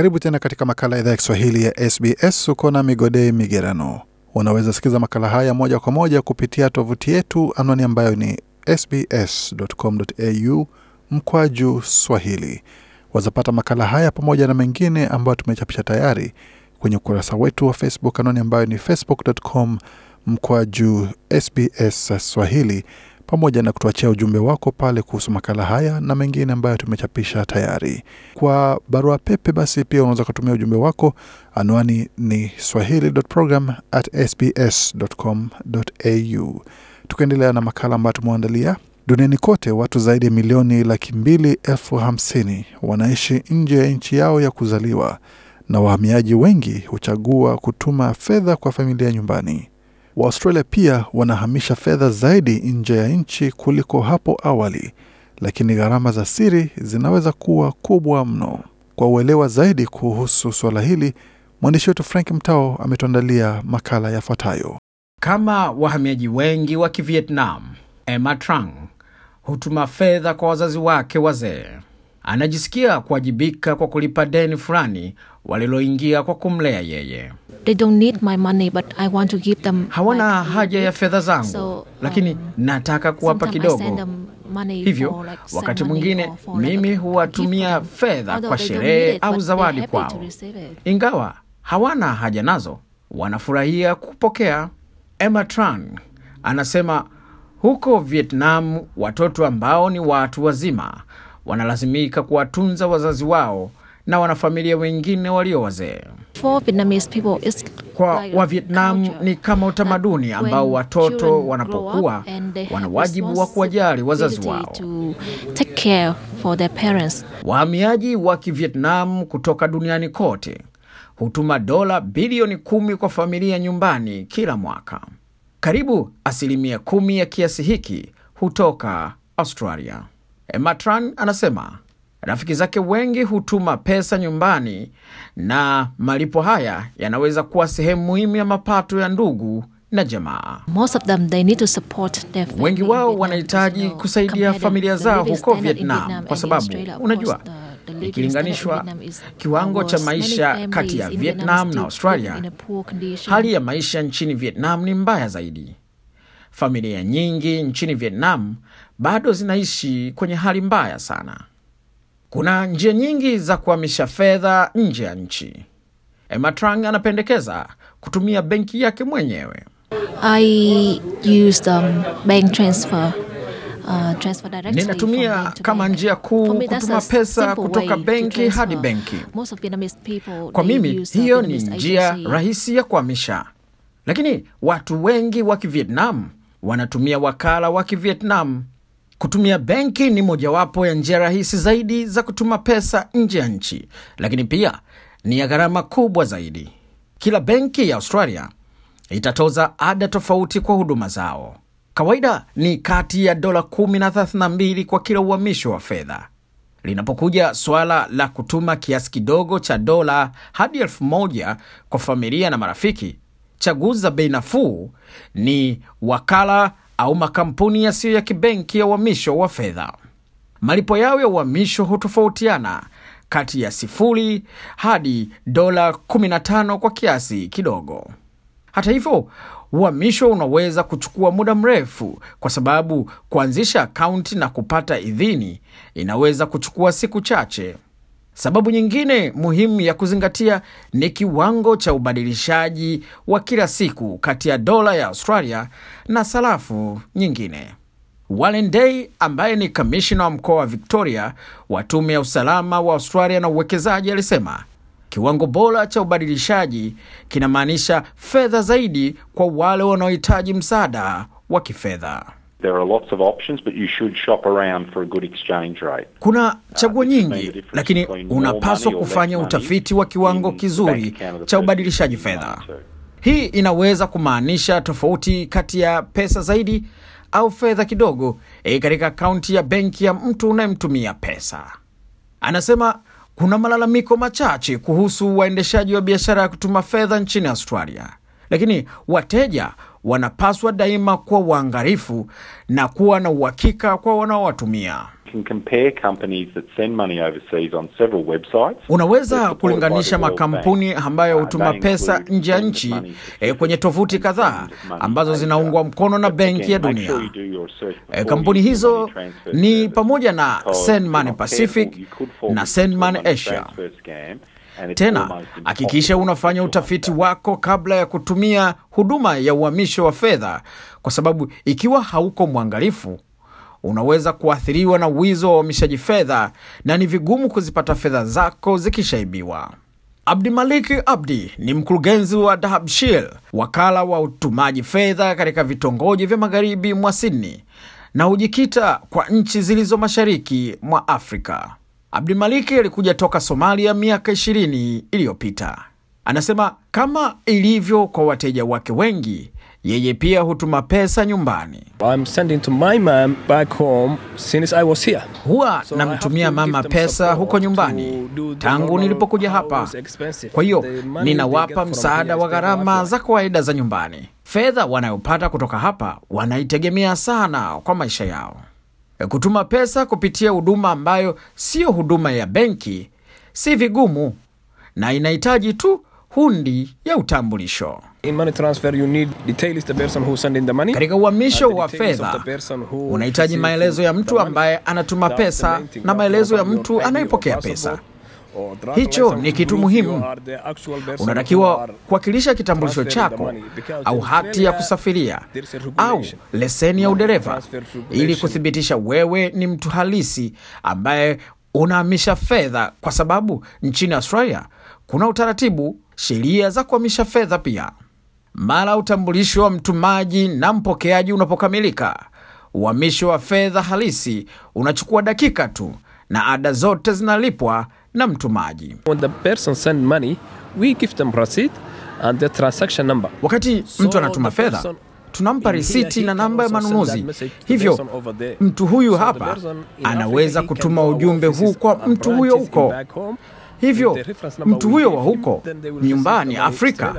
Karibu tena katika makala ya idhaa ya Kiswahili ya SBS. Uko na Migodei Migerano. Unaweza sikiza makala haya moja kwa moja kupitia tovuti yetu, anwani ambayo ni sbs.com.au mkwaju swahili. Wazapata makala haya pamoja na mengine ambayo tumechapisha tayari kwenye ukurasa wetu wa Facebook, anwani ambayo ni facebook.com mkwaju sbs swahili pamoja na kutuachia ujumbe wako pale kuhusu makala haya na mengine ambayo tumechapisha tayari. Kwa barua pepe, basi pia unaweza ukatumia ujumbe wako. Anwani ni swahili.program@sbs.com.au. Tukaendelea na makala ambayo tumeandalia. Duniani kote watu zaidi ya milioni laki mbili elfu hamsini wanaishi nje ya nchi yao ya kuzaliwa na wahamiaji wengi huchagua kutuma fedha kwa familia nyumbani. Waaustralia pia wanahamisha fedha zaidi nje ya nchi kuliko hapo awali, lakini gharama za siri zinaweza kuwa kubwa mno. Kwa uelewa zaidi kuhusu suala hili, mwandishi wetu Frank Mtao ametuandalia makala yafuatayo. Kama wahamiaji wengi wa Kivietnam, Emma Trang hutuma fedha kwa wazazi wake wazee. Anajisikia kuwajibika kwa kulipa deni fulani waliloingia kwa kumlea yeye. They don't need my money, but I want to give them. Hawana haja ya fedha zangu, so, um, lakini nataka kuwapa kidogo. Hivyo like wakati mwingine mimi huwatumia fedha kwa sherehe au zawadi kwao, ingawa hawana haja nazo, wanafurahia kupokea. Emma Tran anasema huko Vietnam watoto ambao ni watu wazima wanalazimika kuwatunza wazazi wao na wanafamilia wengine walio wazee. Kwa Wavietnam ni kama utamaduni ambao watoto wanapokuwa wana wajibu wa kuwajali wazazi wao. Wahamiaji wa Kivietnam kutoka duniani kote hutuma dola bilioni kumi kwa familia nyumbani kila mwaka. Karibu asilimia kumi ya kiasi hiki hutoka Australia. Ematran anasema Rafiki zake wengi hutuma pesa nyumbani na malipo haya yanaweza kuwa sehemu muhimu ya mapato ya ndugu na jamaa. Most of them, they need to support their wengi wao wanahitaji kusaidia familia zao huko Vietnam, Vietnam kwa sababu unajua ikilinganishwa kiwango cha maisha kati ya Vietnam na Australia, hali ya maisha nchini Vietnam ni mbaya zaidi. Familia nyingi nchini Vietnam bado zinaishi kwenye hali mbaya sana. Kuna njia nyingi za kuhamisha fedha nje ya nchi. Ematrang anapendekeza kutumia benki yake mwenyewe. I used, um, bank transfer. Uh, transfer directly ninatumia kama Njia kuu kutuma pesa kutoka benki hadi benki. Kwa mimi uh, hiyo ni njia rahisi ya kuhamisha, lakini watu wengi wa Kivietnam wanatumia wakala wa Kivietnam Kutumia benki ni mojawapo ya njia rahisi zaidi za kutuma pesa nje ya nchi, lakini pia ni ya gharama kubwa zaidi. Kila benki ya Australia itatoza ada tofauti kwa huduma zao. Kawaida ni kati ya dola 10 na 32 kwa kila uhamisho wa fedha. Linapokuja suala la kutuma kiasi kidogo cha dola hadi elfu moja kwa familia na marafiki, chaguzi za bei nafuu ni wakala au makampuni yasiyo ya kibenki ya uhamisho wa fedha. Malipo yao ya uhamisho hutofautiana kati ya sifuri hadi dola 15 kwa kiasi kidogo. Hata hivyo, uhamisho unaweza kuchukua muda mrefu kwa sababu kuanzisha akaunti na kupata idhini inaweza kuchukua siku chache. Sababu nyingine muhimu ya kuzingatia ni kiwango cha ubadilishaji wa kila siku kati ya dola ya Australia na sarafu nyingine. walendei ambaye ni kamishina wa mkoa wa Victoria wa tume ya usalama wa Australia na uwekezaji alisema kiwango bora cha ubadilishaji kinamaanisha fedha zaidi kwa wale wanaohitaji msaada wa kifedha. There are lots of options, but you should shop around for a good exchange rate. Kuna uh, chaguo nyingi, lakini unapaswa kufanya utafiti wa kiwango kizuri cha ubadilishaji fedha. Hii inaweza kumaanisha tofauti kati ya pesa zaidi au fedha kidogo e, katika akaunti ya benki ya mtu unayemtumia pesa. Anasema kuna malalamiko machache kuhusu waendeshaji wa biashara ya kutuma fedha nchini Australia, lakini wateja wanapaswa daima kuwa waangarifu na kuwa na uhakika kwa wanaowatumia. Unaweza kulinganisha makampuni ambayo uh, hutuma pesa nje ya nchi e, kwenye tovuti kadhaa ambazo zinaungwa mkono na Benki ya Dunia. E, kampuni hizo ni pamoja na Send Money Pacific na Send Money Asia. Tena hakikisha unafanya utafiti wako kabla ya kutumia huduma ya uhamisho wa fedha, kwa sababu ikiwa hauko mwangalifu, unaweza kuathiriwa na wizi wa uhamishaji fedha na ni vigumu kuzipata fedha zako zikishaibiwa. Malik Abdi ni mkurugenzi wa Dahabshil, wakala wa utumaji fedha katika vitongoji vya magharibi mwa Sydney na hujikita kwa nchi zilizo mashariki mwa Afrika. Abdulmaliki alikuja toka Somalia miaka 20 iliyopita. Anasema kama ilivyo kwa wateja wake wengi, yeye pia hutuma pesa nyumbani. Huwa so namtumia mama pesa huko nyumbani tangu nilipokuja hapa, kwa hiyo ninawapa msaada wa gharama za kawaida za nyumbani. Fedha wanayopata kutoka hapa wanaitegemea sana kwa maisha yao kutuma pesa kupitia huduma ambayo siyo huduma ya benki si vigumu na inahitaji tu hundi ya utambulisho. Katika uhamisho wa fedha unahitaji maelezo ya mtu ambaye anatuma pesa na maelezo ya mtu anayepokea pesa. Hicho ni kitu muhimu. Unatakiwa kuwakilisha kitambulisho chako au hati ya kusafiria au leseni ya udereva ili kuthibitisha wewe ni mtu halisi ambaye unahamisha fedha, kwa sababu nchini Australia kuna utaratibu, sheria za kuhamisha fedha pia. Mara utambulisho wa mtumaji na mpokeaji unapokamilika, uhamisho wa fedha halisi unachukua dakika tu na ada zote zinalipwa na mtumaji. When the person send money, we give them receipt and the transaction number. Wakati mtu anatuma fedha tunampa risiti na namba ya manunuzi. Hivyo mtu huyu hapa anaweza kutuma ujumbe huu kwa mtu huyo huko. Hivyo mtu huyo wa huko nyumbani Afrika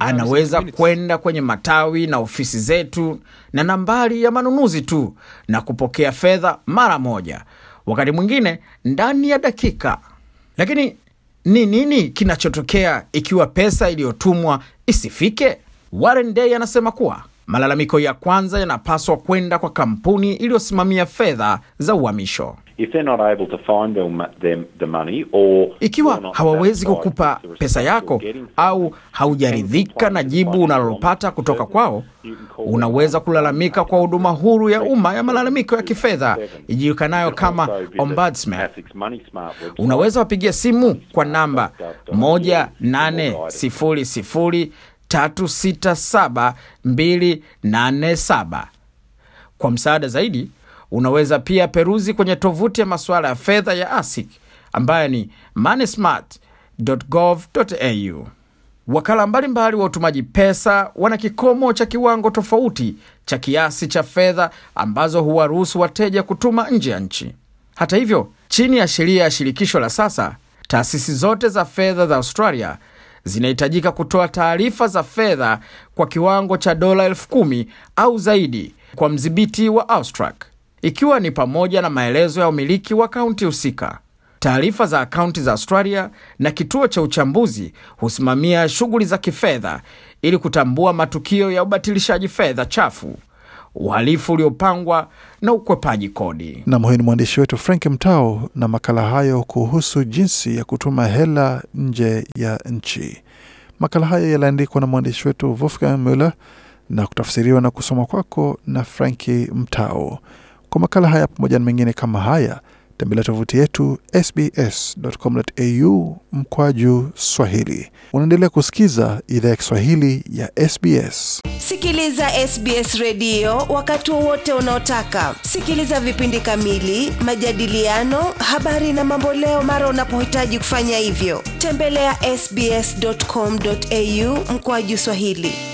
anaweza kwenda kwenye matawi na ofisi zetu na nambari ya manunuzi tu na kupokea fedha mara moja, wakati mwingine ndani ya dakika lakini ni nini kinachotokea ikiwa pesa iliyotumwa isifike? Warren Day anasema kuwa malalamiko ya kwanza yanapaswa kwenda kwa kampuni iliyosimamia fedha za uhamisho. If they're not able to find them, the money or ikiwa hawawezi kukupa pesa yako au haujaridhika na jibu unalolopata kutoka kwao, unaweza kulalamika kwa huduma huru ya umma ya malalamiko ya kifedha ijulikanayo kama Ombudsman. Unaweza wapigia simu kwa namba 1800367287 kwa msaada zaidi. Unaweza pia peruzi kwenye tovuti ya masuala ya fedha ya ASIC ambayo ni moneysmart.gov.au. Wakala mbalimbali mbali wa utumaji pesa wana kikomo cha kiwango tofauti cha kiasi cha fedha ambazo huwaruhusu wateja kutuma nje ya nchi. Hata hivyo, chini ya sheria ya shirikisho la sasa, taasisi zote za fedha za Australia zinahitajika kutoa taarifa za fedha kwa kiwango cha dola 1 au zaidi kwa mdhibiti wa AUSTRAC ikiwa ni pamoja na maelezo ya umiliki wa kaunti husika. Taarifa za akaunti za Australia na kituo cha uchambuzi husimamia shughuli za kifedha ili kutambua matukio ya ubatilishaji fedha chafu, uhalifu uliopangwa na ukwepaji kodi. Nam, huyu ni mwandishi wetu Frank Mtao na makala hayo kuhusu jinsi ya kutuma hela nje ya nchi. Makala hayo yaliandikwa na mwandishi wetu Wolfgang Muller na kutafsiriwa na kusoma kwako na Franki Mtao. Kwa makala haya pamoja na mengine kama haya, tembelea tovuti yetu sbs.com.au mkwaju swahili. Unaendelea kusikiza idhaa ya Kiswahili ya SBS. Sikiliza SBS redio wakati wowote unaotaka. Sikiliza vipindi kamili, majadiliano, habari na mamboleo mara unapohitaji kufanya hivyo. Tembelea sbs.com.au mkwaju swahili.